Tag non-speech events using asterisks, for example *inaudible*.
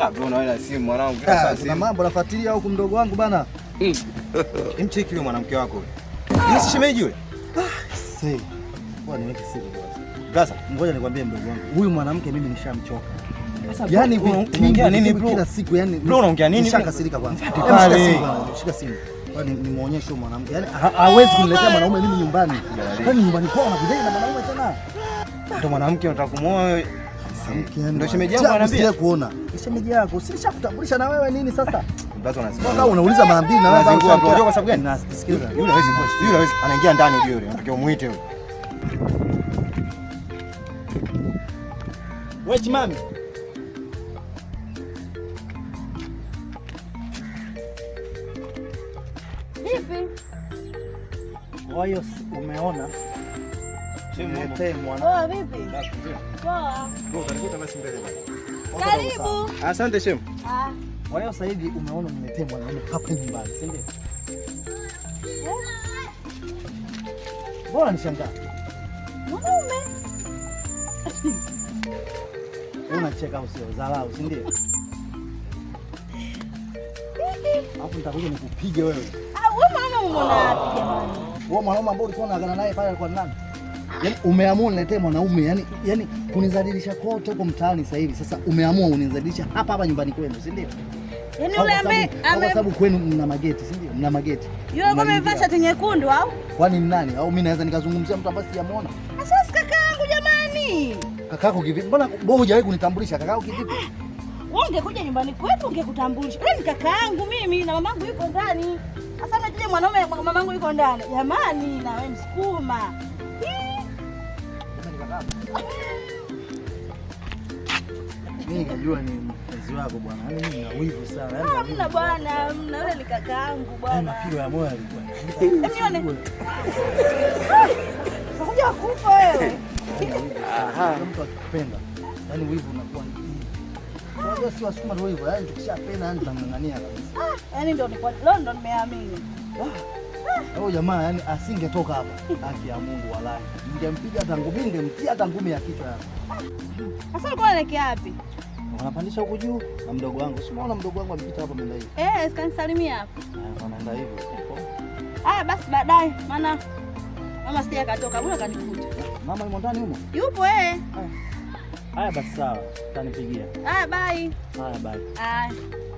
Ah, kuna mambo nafuatilia huku mdogo wangu bana. *laughs* Mcheki yule mwanamke wako. Ni si shemeji yule? Ah, ngoja nikwambie mdogo wangu. Huyu mwanamke mimi nishamchoka. Yaani nini bro? Kila siku yani. Bro unaongea nini? Nishakasirika bwana. Shika simu. Kwani nimuonyeshe mwanamke. Yaani hawezi kuniletea mwanaume mimi nyumbani. Kwani nyumbani kwao anakuja na mwanaume tena? Ndio mwanamke unataka kumuoa sasa. Ndio shemeji yako ananiambia. kuona. Shemeji yako, si nishakutambulisha na wewe nini sasa? unauliza mara mbili na wewe kwa sababu gani? Nasikiliza. Yule hawezi kuwa. Yule hawezi anaingia ndani yule yule. Anatakiwa muite Wewe jimami. Hivi. Kwa hiyo umeona karibu. Asante shemu. Ah. hiyo sasa hivi umeona nimetemwa na mimi hapa nyumbani, si ndio? Eh? Bora nishangaa. Mwanaume. *laughs* Unacheka usio dharau, si ndio? Hapo nitakuja nikupige wewe. Ah, wewe mwanaume unaona wapi jamani? Wewe mwanaume ambao ulikuwa unaagana naye pale kwa nani? yani umeamua uniletee mwanaume yani, yani kunizalilisha kote huko mtaani sasa hivi. Sasa umeamua unizalilisha hapa hapa nyumbani kwenu, si ndio? Yani yule ambaye kwa sababu kwenu mna mageti, si ndio? Mna mageti. Yule ambaye amevaa shati nyekundu au? Kwani ni nani? Au mimi naweza nikazungumzia mtu ambaye sijamuona? Sasa kaka yangu jamani. Kakako kivipi? Mbona wewe hujawahi kunitambulisha kakako kivipi? Wewe ungekuja nyumbani kwetu ungekutambulisha. Wewe ni kaka yangu mimi na mamangu yuko ndani. Sasa naje mwanaume mamangu yuko ndani. Jamani na wewe msukuma. Mimi najua ni mpenzi wako bwana. Yaani mimi na wivu sana. Yaani hamna ah, bwana, mna yule ni kaka yangu bwana. Yaani mapigo ya moyo alikuwa. Nione. Unakuja kufa wewe. Aha. Mtu akipenda. Yaani wivu unakuwa ni Unajua si wasukuma ndio hivyo, yaani tukishapenda yaani tunang'ang'ania kabisa. Ah, Yaani ndio nilikuwa leo ndio nimeamini. Ah. Huyo jamaa yani asingetoka hapa. Haki ya Mungu walahi. Ningempiga tangu binge mtia hata ngumi ya kichwa hapo. Sasa ulikuwa unaelekea wapi? Wanapandisha huko juu na mdogo wangu. Si unaona mdogo wangu amepita hapa mbele hivi. Eh, sikanisalimia hapo. Eh, anaenda hivyo. Haya basi baadaye maana mama sija katoka, mbona kanikuta? Mama yumo ndani humo? Yupo eh. Haya basi sawa. Tanipigia. Haya bye. Haya bye. Haya.